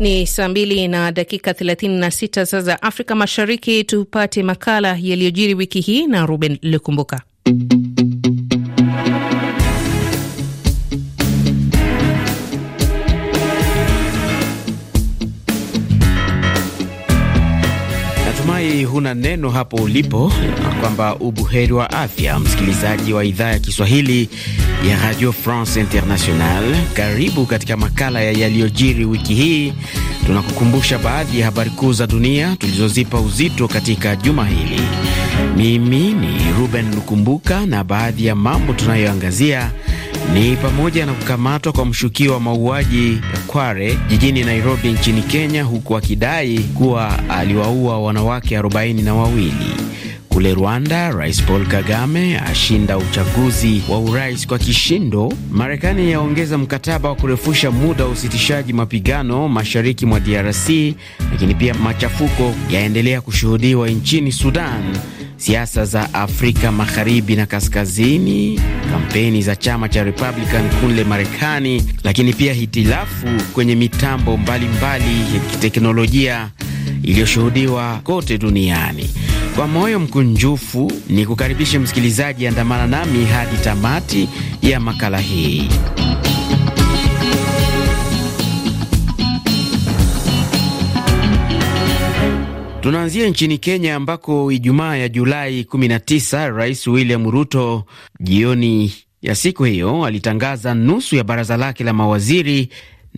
Ni saa mbili na dakika 36 saa za Afrika Mashariki. Tupate makala yaliyojiri wiki hii na Ruben Lukumbuka. kuna neno hapo ulipo, kwamba ubuheri wa afya, msikilizaji wa idhaa ya Kiswahili ya Radio France International. Karibu katika makala ya yaliyojiri wiki hii. Tunakukumbusha baadhi ya habari kuu za dunia tulizozipa uzito katika juma hili. Mimi ni Ruben Lukumbuka, na baadhi ya mambo tunayoangazia ni pamoja na kukamatwa kwa mshukiwa wa mauaji ya Kware jijini Nairobi nchini Kenya, huku akidai kuwa aliwaua wanawake arobaini na wawili. Kule Rwanda, Rais Paul Kagame ashinda uchaguzi wa urais kwa kishindo. Marekani yaongeza mkataba wa kurefusha muda wa usitishaji mapigano mashariki mwa DRC, lakini pia machafuko yaendelea kushuhudiwa nchini Sudan siasa za Afrika magharibi na kaskazini, kampeni za chama cha Republican kule Marekani, lakini pia hitilafu kwenye mitambo mbalimbali ya kiteknolojia iliyoshuhudiwa kote duniani. Kwa moyo mkunjufu ni kukaribisha msikilizaji, andamana nami hadi tamati ya makala hii. Tunaanzia nchini Kenya ambako Ijumaa ya Julai 19 Rais William Ruto jioni ya siku hiyo alitangaza nusu ya baraza lake la mawaziri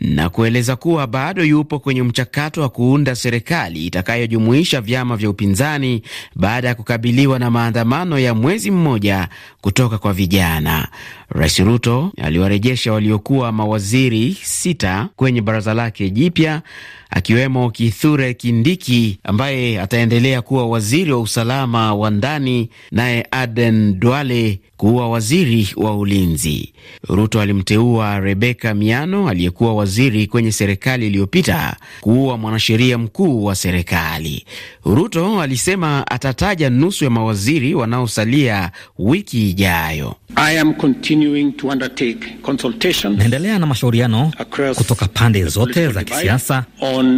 na kueleza kuwa bado yupo kwenye mchakato wa kuunda serikali itakayojumuisha vyama vya upinzani baada ya kukabiliwa na maandamano ya mwezi mmoja kutoka kwa vijana. Rais Ruto aliwarejesha waliokuwa mawaziri sita kwenye baraza lake jipya akiwemo Kithure Kindiki ambaye ataendelea kuwa waziri wa usalama wa ndani, naye Aden Duale kuwa waziri wa ulinzi. Ruto alimteua Rebeka Miano aliyekuwa waziri kwenye serikali iliyopita kuwa mwanasheria mkuu wa serikali. Ruto alisema atataja nusu ya mawaziri wanaosalia wiki ijayo. Naendelea na mashauriano kutoka pande zote za kisiasa on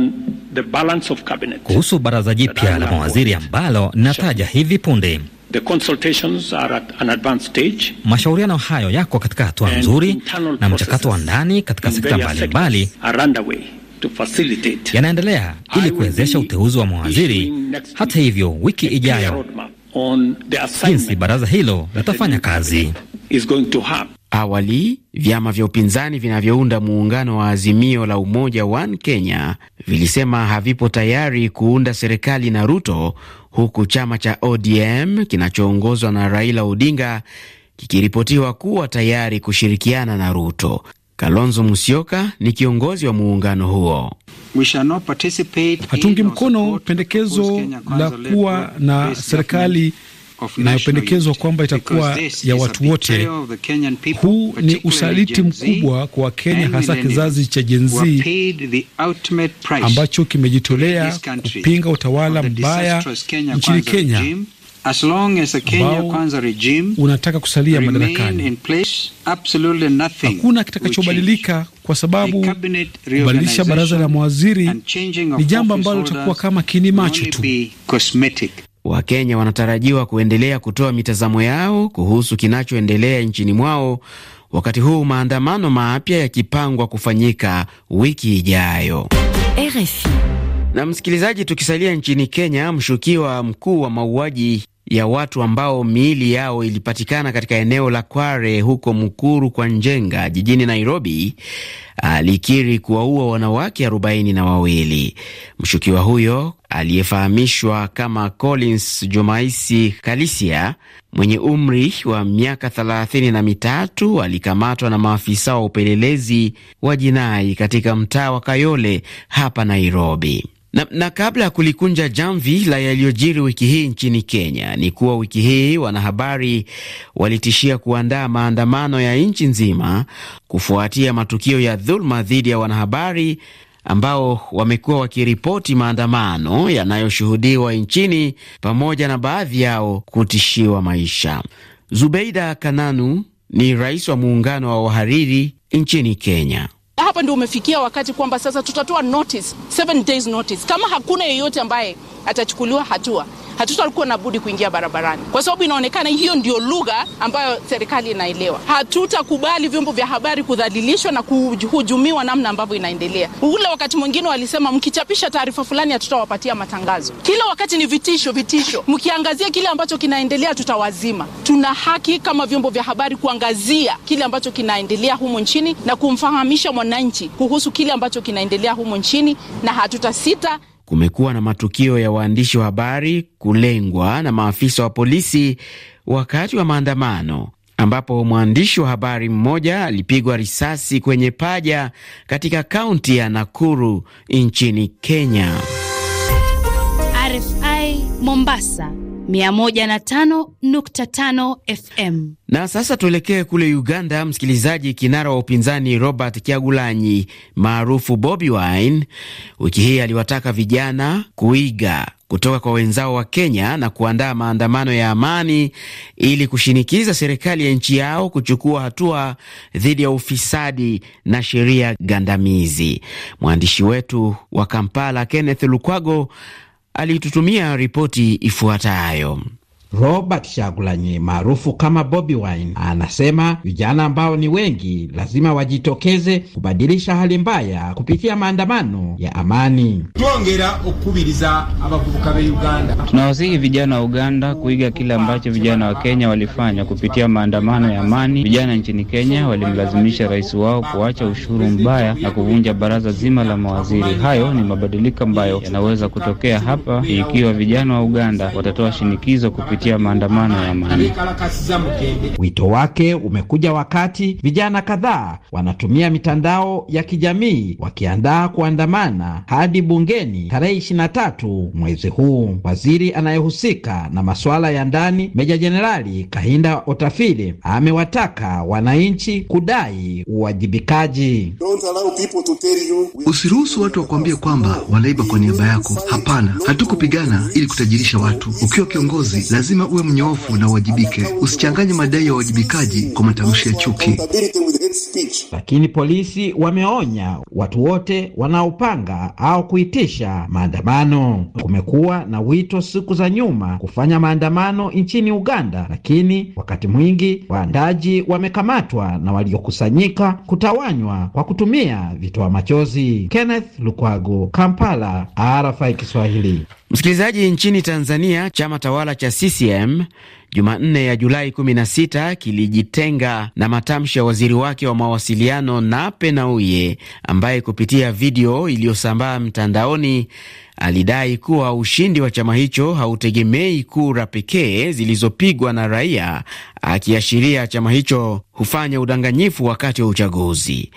the balance of cabinet. Kuhusu baraza jipya la mawaziri ambalo nataja hivi punde. The consultations are at an advanced stage. Mashauriano hayo yako katika hatua nzuri na mchakato wa ndani katika sekta mbalimbali yanaendelea ili kuwezesha uteuzi wa mawaziri. Hata hivyo, wiki ijayo jinsi baraza hilo litafanya kazi is going to happen. Awali vyama vya upinzani vinavyounda muungano wa Azimio la Umoja One Kenya vilisema havipo tayari kuunda serikali na Ruto, huku chama cha ODM kinachoongozwa na Raila Odinga kikiripotiwa kuwa tayari kushirikiana na Ruto. Kalonzo Musyoka ni kiongozi wa muungano huo. Hatungi mkono pendekezo la kuwa na serikali inayopendekezwa kwamba itakuwa ya watu wote. Huu ni usaliti mkubwa kwa Wakenya, hasa kizazi cha jenzi ambacho kimejitolea kupinga utawala mbaya nchini Kenya ambao unataka kusalia madarakani. Hakuna kitakachobadilika kwa sababu kubadilisha baraza la mawaziri ni jambo ambalo litakuwa kama kini macho tu. Wakenya wanatarajiwa kuendelea kutoa mitazamo yao kuhusu kinachoendelea nchini mwao, wakati huu maandamano mapya yakipangwa kufanyika wiki ijayo. RFI. Na msikilizaji, tukisalia nchini Kenya, mshukiwa mkuu wa mauaji ya watu ambao miili yao ilipatikana katika eneo la Kware huko Mukuru kwa Njenga jijini Nairobi alikiri kuwaua wanawake arobaini na wawili. Mshukiwa huyo aliyefahamishwa kama Collins Jumaisi Kalisia mwenye umri wa miaka thelathini na mitatu alikamatwa na maafisa wa upelelezi wa jinai katika mtaa wa Kayole hapa Nairobi. Na, na kabla ya kulikunja jamvi la yaliyojiri wiki hii nchini Kenya ni kuwa wiki hii wanahabari walitishia kuandaa maandamano ya nchi nzima kufuatia matukio ya dhuluma dhidi ya wanahabari ambao wamekuwa wakiripoti maandamano yanayoshuhudiwa nchini pamoja na baadhi yao kutishiwa maisha. Zubeida Kananu ni rais wa muungano wa wahariri nchini Kenya. Hapa ndio umefikia wakati kwamba sasa tutatoa notice, seven days notice. Kama hakuna yeyote ambaye atachukuliwa hatua hatutakuwa na budi kuingia barabarani, kwa sababu inaonekana hiyo ndio lugha ambayo serikali inaelewa. Hatutakubali vyombo vya habari kudhalilishwa na kuhujumiwa namna ambavyo inaendelea. Ule wakati mwingine walisema mkichapisha taarifa fulani hatutawapatia matangazo. Kila wakati ni vitisho, vitisho. Mkiangazia kile ambacho kinaendelea tutawazima. Tuna haki kama vyombo vya habari kuangazia kile ambacho kinaendelea humo nchini na kumfahamisha mwananchi kuhusu kile ambacho kinaendelea humo nchini na hatutasita kumekuwa na matukio ya waandishi wa habari kulengwa na maafisa wa polisi wakati wa maandamano ambapo mwandishi wa habari mmoja alipigwa risasi kwenye paja katika kaunti ya Nakuru nchini Kenya. Mombasa 105.5 FM. Na sasa tuelekee kule Uganda. Msikilizaji, kinara wa upinzani Robert Kyagulanyi maarufu Bobi Wine wiki hii aliwataka vijana kuiga kutoka kwa wenzao wa Kenya na kuandaa maandamano ya amani ili kushinikiza serikali ya nchi yao kuchukua hatua dhidi ya ufisadi na sheria gandamizi. Mwandishi wetu wa Kampala Kenneth Lukwago alitutumia ripoti ifuatayo. Robert Shagulanyi maarufu kama Bobi Wine anasema vijana ambao ni wengi lazima wajitokeze kubadilisha hali mbaya kupitia maandamano ya amani. twongera okukubiriza abavubuka be Uganda, tunawasihi vijana wa Uganda kuiga kile ambacho vijana wa Kenya walifanya kupitia maandamano ya amani. Vijana nchini Kenya walimlazimisha rais wao kuacha ushuru mbaya na kuvunja baraza zima la mawaziri. Hayo ni mabadiliko ambayo yanaweza kutokea hapa ikiwa vijana wa Uganda watatoa shinikizo kupitia kupitia maandamano ya amani. Wito wake umekuja wakati vijana kadhaa wanatumia mitandao ya kijamii wakiandaa kuandamana hadi bungeni tarehe tatu mwezi huu. Waziri anayehusika na masuala ya ndani, Meja Jenerali Kahinda otafili amewataka wananchi kudai uwajibikaji. Usiruhusu watu wakuambie kwamba wanaiba kwa niaba yako. Hapana, hatukupigana ili kutajirisha watu. Ukiwa kiongozi lazima lazima uwe mnyofu na uwajibike. Usichanganye madai ya uwajibikaji kwa matamshi ya chuki. Lakini polisi wameonya watu wote wanaopanga au kuitisha maandamano. Kumekuwa na wito siku za nyuma kufanya maandamano nchini Uganda, lakini wakati mwingi waandaji wamekamatwa na waliokusanyika kutawanywa kwa kutumia vitoa machozi. Kenneth Lukwago, Kampala, RFI Kiswahili. Msikilizaji, nchini Tanzania chama tawala cha CCM Jumanne ya Julai 16 kilijitenga na matamshi ya waziri wake wa mawasiliano Nape Nnauye ambaye kupitia video iliyosambaa mtandaoni alidai kuwa ushindi wa chama hicho hautegemei kura pekee zilizopigwa na raia, akiashiria chama hicho hufanya udanganyifu wakati wa uchaguzi.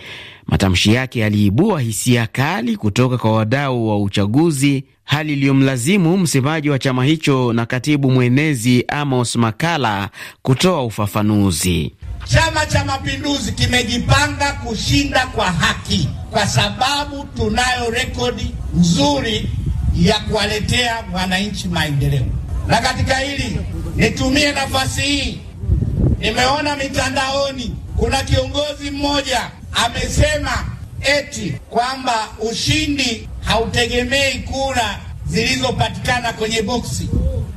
Matamshi yake yaliibua hisia kali kutoka kwa wadau wa uchaguzi, hali iliyomlazimu msemaji wa chama hicho na katibu mwenezi Amos makala kutoa ufafanuzi. Chama cha Mapinduzi kimejipanga kushinda kwa haki, kwa sababu tunayo rekodi nzuri ya kuwaletea wananchi maendeleo. Na katika hili nitumie nafasi hii, nimeona mitandaoni kuna kiongozi mmoja amesema eti kwamba ushindi hautegemei kura zilizopatikana kwenye boksi.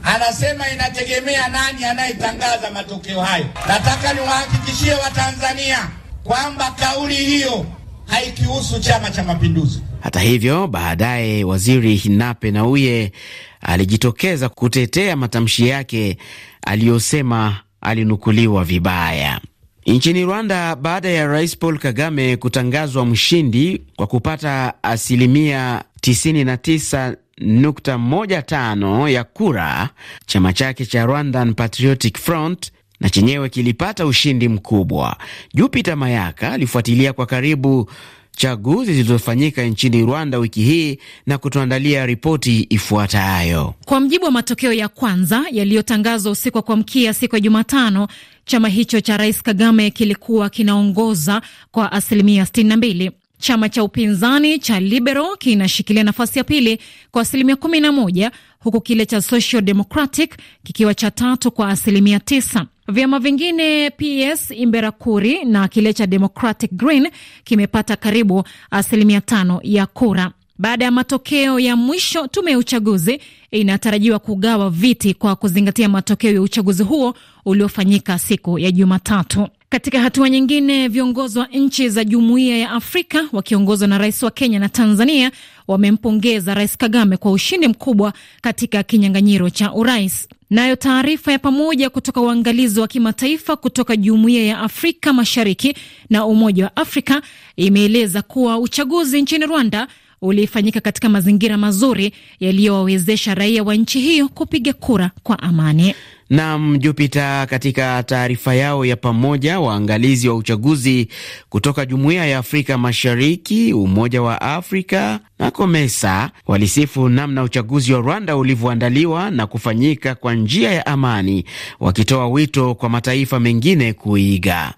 Anasema inategemea nani anayetangaza matokeo hayo. Nataka niwahakikishie Watanzania kwamba kauli hiyo haikihusu Chama cha Mapinduzi. Hata hivyo, baadaye waziri Hinape Nauye alijitokeza kutetea matamshi yake aliyosema alinukuliwa vibaya. Nchini Rwanda, baada ya Rais Paul Kagame kutangazwa mshindi kwa kupata asilimia 99.15 ya kura, chama chake cha Rwandan Patriotic Front na chenyewe kilipata ushindi mkubwa. jupita Mayaka alifuatilia kwa karibu chaguzi zilizofanyika nchini Rwanda wiki hii na kutuandalia ripoti ifuatayo. Kwa mjibu wa matokeo ya kwanza yaliyotangazwa usiku wa kuamkia siku ya Jumatano, chama hicho cha Rais Kagame kilikuwa kinaongoza kwa asilimia 62. Chama cha upinzani cha Liberal kinashikilia nafasi ya pili kwa asilimia 11 huku kile cha Social Democratic kikiwa cha tatu kwa asilimia 9. Vyama vingine PS Imberakuri na kile cha Democratic Green kimepata karibu asilimia tano ya kura. Baada ya matokeo ya mwisho, tume ya uchaguzi inatarajiwa kugawa viti kwa kuzingatia matokeo ya uchaguzi huo uliofanyika siku ya Jumatatu. Katika hatua nyingine, viongozi wa nchi za jumuiya ya Afrika wakiongozwa na rais wa Kenya na Tanzania wamempongeza Rais Kagame kwa ushindi mkubwa katika kinyang'anyiro cha urais. Nayo taarifa ya pamoja kutoka uangalizi wa kimataifa kutoka Jumuiya ya Afrika Mashariki na Umoja wa Afrika imeeleza kuwa uchaguzi nchini Rwanda ulifanyika katika mazingira mazuri yaliyowawezesha raia wa nchi hiyo kupiga kura kwa amani. Nam Jupita, katika taarifa yao ya pamoja, waangalizi wa uchaguzi kutoka Jumuiya ya Afrika Mashariki, Umoja wa Afrika na COMESA walisifu namna uchaguzi wa Rwanda ulivyoandaliwa na kufanyika kwa njia ya amani, wakitoa wito kwa mataifa mengine kuiga.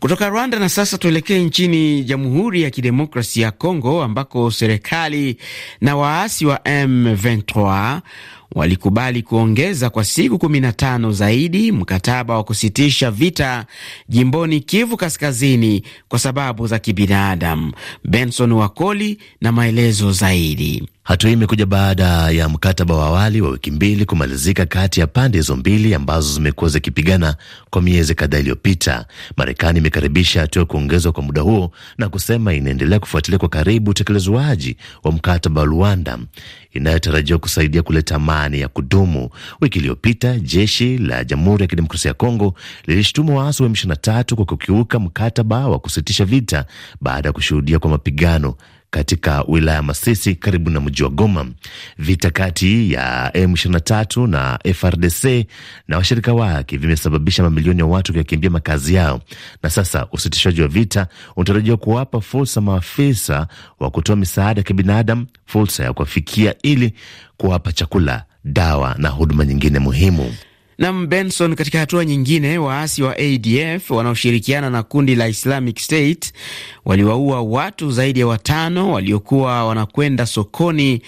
Kutoka Rwanda na sasa tuelekee nchini Jamhuri ya Kidemokrasia ya Kongo ambako serikali na waasi wa M23 walikubali kuongeza kwa siku 15 zaidi mkataba wa kusitisha vita jimboni Kivu Kaskazini kwa sababu za kibinadamu. Benson Wakoli na maelezo zaidi. Hatua hii imekuja baada ya mkataba wa awali wa wiki mbili kumalizika kati ya pande hizo mbili ambazo zimekuwa zikipigana kwa miezi kadhaa iliyopita. Marekani imekaribisha hatua ya kuongezwa kwa muda huo na kusema inaendelea kufuatilia kwa karibu utekelezwaji wa mkataba wa Luanda inayotarajiwa kusaidia kuleta amani ya kudumu. Wiki iliyopita jeshi la Jamhuri ya Kidemokrasia ya Kongo lilishutumu waasi wa M23 kwa kukiuka mkataba wa kusitisha vita baada ya kushuhudia kwa mapigano katika wilaya Masisi karibu na mji wa Goma. Vita kati ya M23 na FRDC na washirika wake vimesababisha mamilioni ya watu kuyakimbia makazi yao, na sasa usitishaji wa vita unatarajiwa kuwapa fursa maafisa wa kutoa misaada ya kibinadamu fursa ya kuwafikia ili kuwapa chakula, dawa na huduma nyingine muhimu. Nam Benson, katika hatua nyingine, waasi wa ADF wanaoshirikiana na kundi la Islamic State waliwaua watu zaidi ya watano waliokuwa wanakwenda sokoni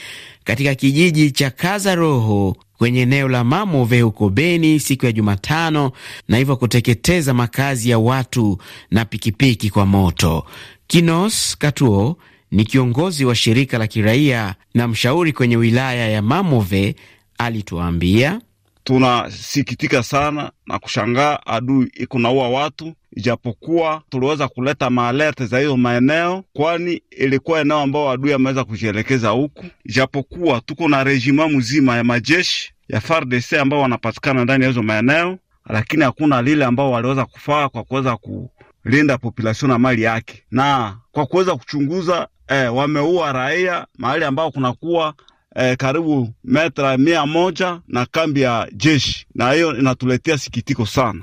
katika kijiji cha Kaza Roho kwenye eneo la Mamove huko Beni siku ya Jumatano, na hivyo kuteketeza makazi ya watu na pikipiki kwa moto. Kinos Katuo ni kiongozi wa shirika la kiraia na mshauri kwenye wilaya ya Mamove, alituambia tunasikitika sana na kushangaa adui iko naua watu, ijapokuwa tuliweza kuleta maalerte za hiyo maeneo, kwani ilikuwa eneo ambao adui ameweza kujielekeza huku, ijapokuwa tuko na rejima mzima ya majeshi ya FARDC ambao wanapatikana ndani ya hizo maeneo, lakini hakuna lile ambao waliweza kufaa kwa kuweza kulinda populasion na mali yake, na kwa kuweza kuchunguza eh, wameua raia mahali ambao kunakuwa eh, karibu metra mia moja na kambi ya jeshi, na hiyo inatuletea sikitiko sana.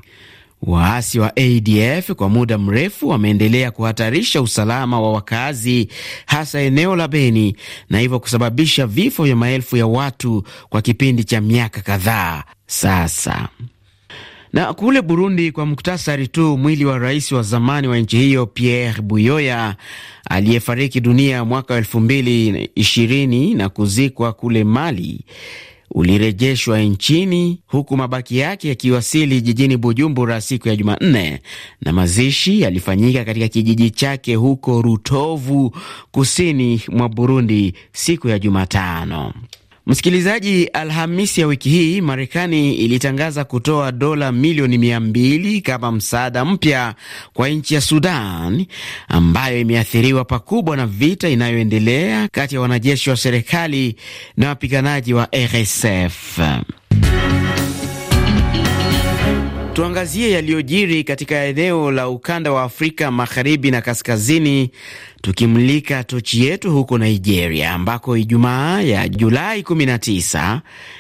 Waasi wa ADF kwa muda mrefu wameendelea kuhatarisha usalama wa wakazi hasa eneo la Beni na hivyo kusababisha vifo vya maelfu ya watu kwa kipindi cha miaka kadhaa sasa. Na kule Burundi, kwa muktasari tu, mwili wa rais wa zamani wa nchi hiyo Pierre Buyoya aliyefariki dunia mwaka wa elfu mbili ishirini na kuzikwa kule Mali ulirejeshwa nchini huku mabaki yake yakiwasili jijini Bujumbura siku ya Jumanne, na mazishi yalifanyika katika kijiji chake huko Rutovu, kusini mwa Burundi, siku ya Jumatano. Msikilizaji, Alhamisi ya wiki hii Marekani ilitangaza kutoa dola milioni mia mbili kama msaada mpya kwa nchi ya Sudan ambayo imeathiriwa pakubwa na vita inayoendelea kati ya wanajeshi wa serikali na wapiganaji wa RSF. Tuangazie yaliyojiri katika eneo la ukanda wa Afrika magharibi na kaskazini, tukimulika tochi yetu huko Nigeria, ambako Ijumaa ya Julai 19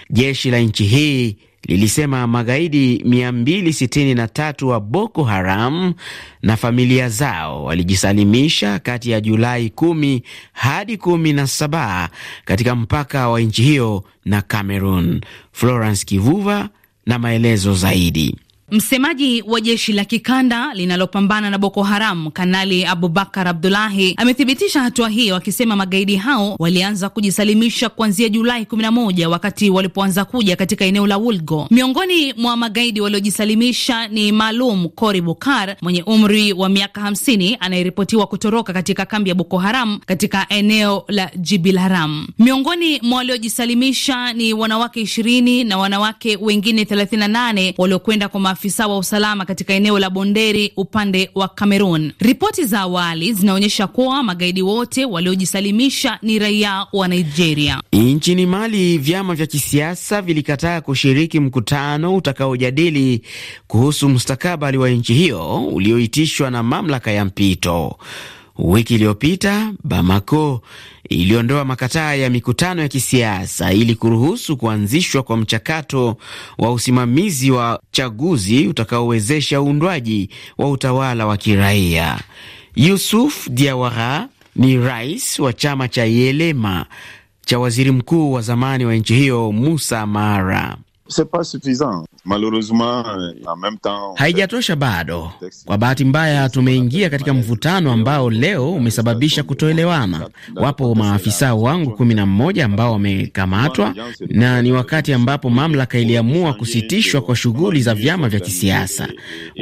jeshi la nchi hii lilisema magaidi 263 wa Boko Haram na familia zao walijisalimisha kati ya Julai 10 hadi 17 katika mpaka wa nchi hiyo na Cameroon. Florence Kivuva na maelezo zaidi. Msemaji wa jeshi la kikanda linalopambana na Boko Haram, Kanali Abubakar Abdulahi amethibitisha hatua hiyo, akisema magaidi hao walianza kujisalimisha kuanzia Julai 11 wakati walipoanza kuja katika eneo la Wulgo. Miongoni mwa magaidi waliojisalimisha ni Maalum Kori Bukar mwenye umri wa miaka 50 anayeripotiwa kutoroka katika kambi ya Boko Haram katika eneo la Jibil Haram. Miongoni mwa waliojisalimisha ni wanawake 20 na wanawake wengine 38 waliokwenda kwa maafisa wa usalama katika eneo la Bonderi upande wa Cameroon. Ripoti za awali zinaonyesha kuwa magaidi wote waliojisalimisha ni raia wa Nigeria. Nchini Mali, vyama vya kisiasa vilikataa kushiriki mkutano utakaojadili kuhusu mustakabali wa nchi hiyo ulioitishwa na mamlaka ya mpito wiki iliyopita Bamako iliondoa makataa ya mikutano ya kisiasa ili kuruhusu kuanzishwa kwa mchakato wa usimamizi wa chaguzi utakaowezesha uundwaji wa utawala wa kiraia. Yusuf Diawara ni rais wa chama cha Yelema cha waziri mkuu wa zamani wa nchi hiyo Musa Mara haijatosha bado. Kwa bahati mbaya, tumeingia katika mvutano ambao leo umesababisha kutoelewana. Wapo maafisa wangu kumi na mmoja ambao wamekamatwa, na ni wakati ambapo mamlaka iliamua kusitishwa kwa shughuli za vyama vya kisiasa.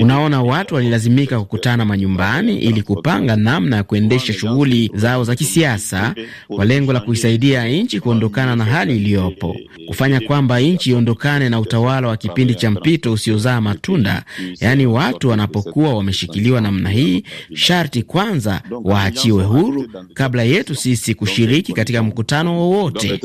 Unaona, watu walilazimika kukutana manyumbani ili kupanga namna ya kuendesha shughuli zao za kisiasa kwa lengo la kuisaidia nchi kuondokana na hali iliyopo, kufanya kwamba nchi iondokane na utawala wa kipindi kipindi cha mpito usiozaa matunda, yaani watu wanapokuwa wameshikiliwa namna hii, sharti kwanza waachiwe huru kabla yetu sisi kushiriki katika mkutano wowote.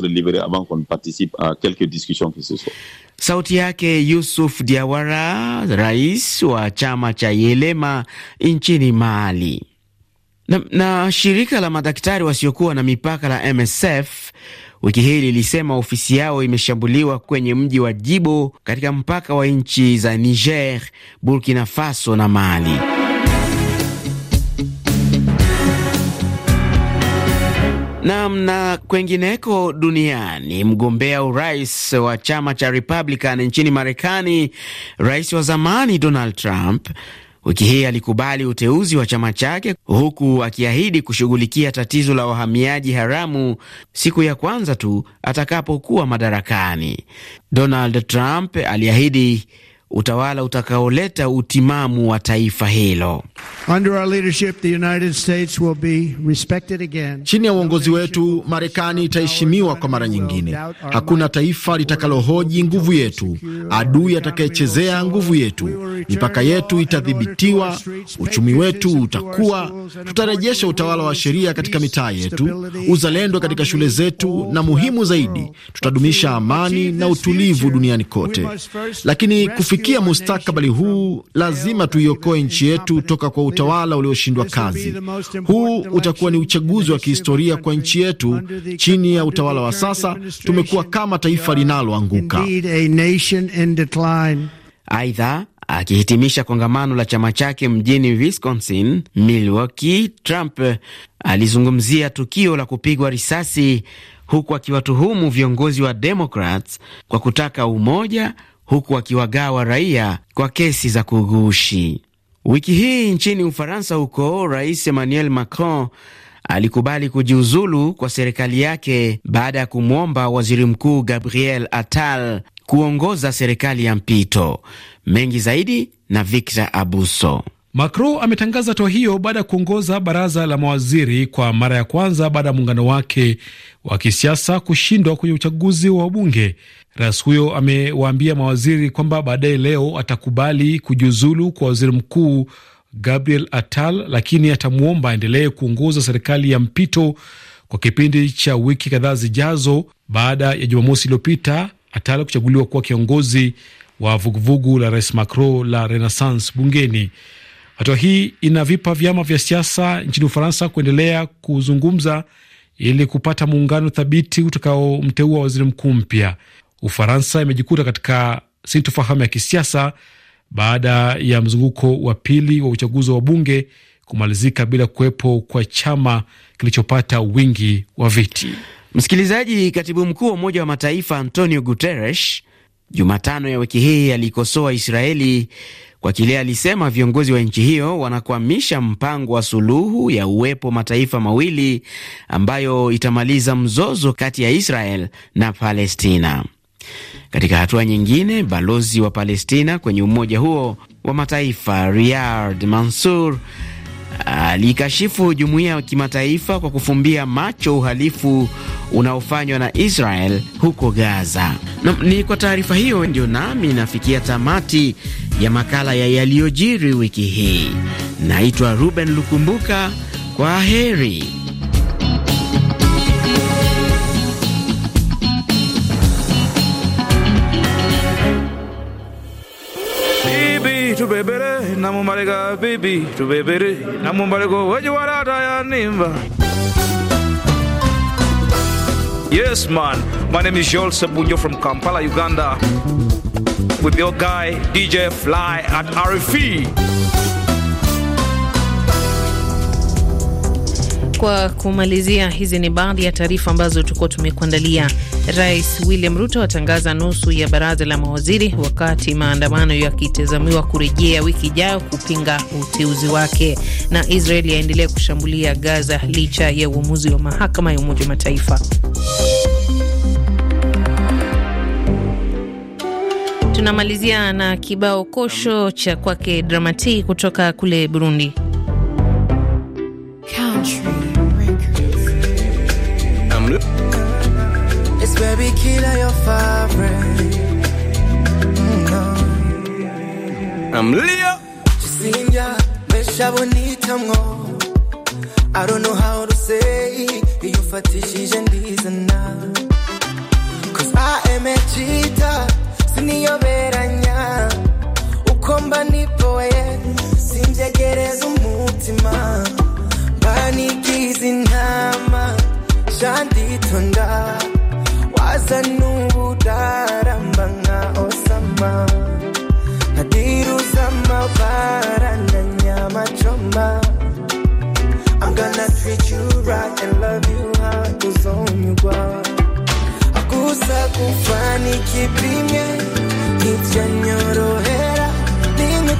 Sauti yake Yusuf Diawara, rais wa chama cha Yelema nchini Mali. Na, na shirika la madaktari wasiokuwa na mipaka la MSF wiki hii lilisema ofisi yao imeshambuliwa kwenye mji wa jibo katika mpaka wa nchi za Niger, Burkina Faso na Mali. Nam na kwengineko duniani, mgombea urais wa chama cha Republican nchini Marekani, rais wa zamani Donald Trump wiki hii alikubali uteuzi wa chama chake huku akiahidi kushughulikia tatizo la wahamiaji haramu siku ya kwanza tu atakapokuwa madarakani. Donald Trump aliahidi utawala utakaoleta utimamu wa taifa hilo. Chini ya uongozi wetu, Marekani itaheshimiwa kwa mara nyingine. Hakuna taifa litakalohoji nguvu yetu, adui atakayechezea nguvu yetu. Mipaka yetu itadhibitiwa, uchumi wetu utakuwa. Tutarejesha utawala wa sheria katika mitaa yetu, uzalendo katika shule zetu, na muhimu zaidi, tutadumisha amani na utulivu duniani kote. Lakini Kufikia mustakabali huu, lazima tuiokoe nchi yetu toka kwa utawala ulioshindwa kazi. Huu utakuwa ni uchaguzi wa kihistoria kwa nchi yetu. Chini ya utawala wa sasa, tumekuwa kama taifa linaloanguka. Aidha, akihitimisha kongamano la chama chake mjini Wisconsin, Milwaukee, Trump alizungumzia tukio la kupigwa risasi huku akiwatuhumu viongozi wa Democrats kwa kutaka umoja huku akiwagawa raia kwa kesi za kughushi. Wiki hii nchini Ufaransa huko, Rais Emmanuel Macron alikubali kujiuzulu kwa serikali yake baada ya kumwomba waziri mkuu Gabriel Attal kuongoza serikali ya mpito. Mengi zaidi na Victor Abuso. Macron ametangaza hatua hiyo baada ya kuongoza baraza la mawaziri kwa mara ya kwanza baada ya muungano wake wa kisiasa kushindwa kwenye uchaguzi wa bunge. Rais huyo amewaambia mawaziri kwamba baadaye leo atakubali kujiuzulu kwa waziri mkuu Gabriel Attal, lakini atamwomba aendelee kuongoza serikali ya mpito kwa kipindi cha wiki kadhaa zijazo, baada ya Jumamosi iliyopita Attal kuchaguliwa kuwa kiongozi wa vuguvugu la Rais Macron la Renaissance bungeni. Hatua hii inavipa vyama vya siasa nchini Ufaransa kuendelea kuzungumza ili kupata muungano thabiti utakaomteua waziri mkuu mpya. Ufaransa imejikuta katika sintofahamu ya kisiasa baada ya mzunguko wa pili wa uchaguzi wa bunge kumalizika bila kuwepo kwa chama kilichopata wingi wa viti. Msikilizaji, katibu mkuu wa Umoja wa Mataifa Antonio Guterres Jumatano ya wiki hii alikosoa Israeli kwa kile alisema viongozi wa nchi hiyo wanakwamisha mpango wa suluhu ya uwepo mataifa mawili ambayo itamaliza mzozo kati ya Israel na Palestina. Katika hatua nyingine, balozi wa Palestina kwenye umoja huo wa mataifa Riyad Mansour alikashifu ah, jumuiya ya kimataifa kwa kufumbia macho uhalifu unaofanywa na Israel huko Gaza. Na, ni kwa taarifa hiyo ndio nami nafikia tamati ya makala ya yaliyojiri wiki hii. Naitwa Ruben Lukumbuka, kwa heri. Bibi, namumbalega bibi tubebere namumbalego wejiwarata ya nimba Yes, man. My name is Joel Sabunyo from Kampala, Uganda. With your guy, DJ Fly at RFE. kwa kumalizia, hizi ni baadhi ya taarifa ambazo tulikuwa tumekuandalia. Rais William Ruto atangaza nusu ya baraza la mawaziri, wakati maandamano yakitazamiwa kurejea wiki ijayo kupinga uteuzi wake. Na Israeli yaendelea kushambulia Gaza licha ya uamuzi wa mahakama ya Umoja wa Mataifa. Tunamalizia na kibao kosho cha kwake Dramati kutoka kule Burundi. Country. Baby, killer, you're favorite. Mm-hmm. I'm Leo. Jisinja, mesha bonita mwo. I don't know how to say you fatishije ndizana. Cause I am a cheater, siniyoberanya. Uko mba nipoye, simvyegereza umutima. Mba nigize intama, shanditunda.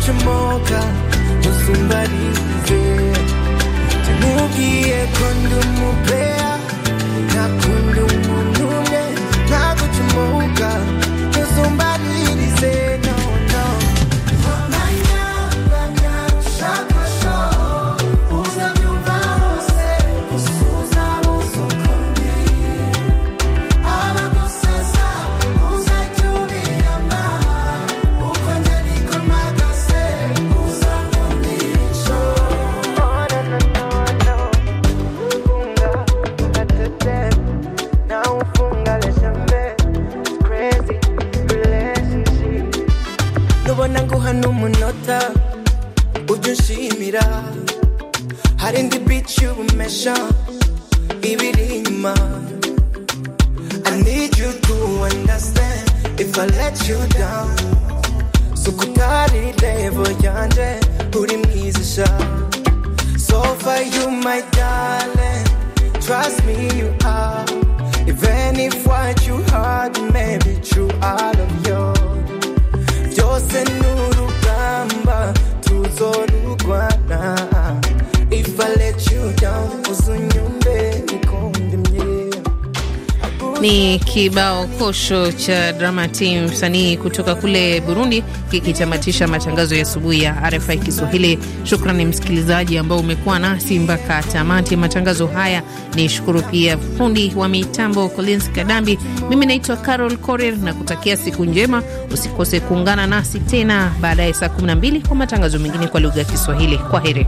chomoka usimbalize tena ugie kundumupea na kundu you hurt Ni kibao kosho cha drama team msanii kutoka kule Burundi kikitamatisha matangazo ya asubuhi ya RFI Kiswahili. Shukrani msikilizaji ambao umekuwa nasi mpaka tamati matangazo haya. Ni shukuru pia fundi wa mitambo Collins Kadambi. Mimi naitwa Carol corer na kutakia siku njema. Usikose kuungana nasi tena baadaye saa 12 kwa matangazo mengine kwa lugha ya Kiswahili. Kwa heri.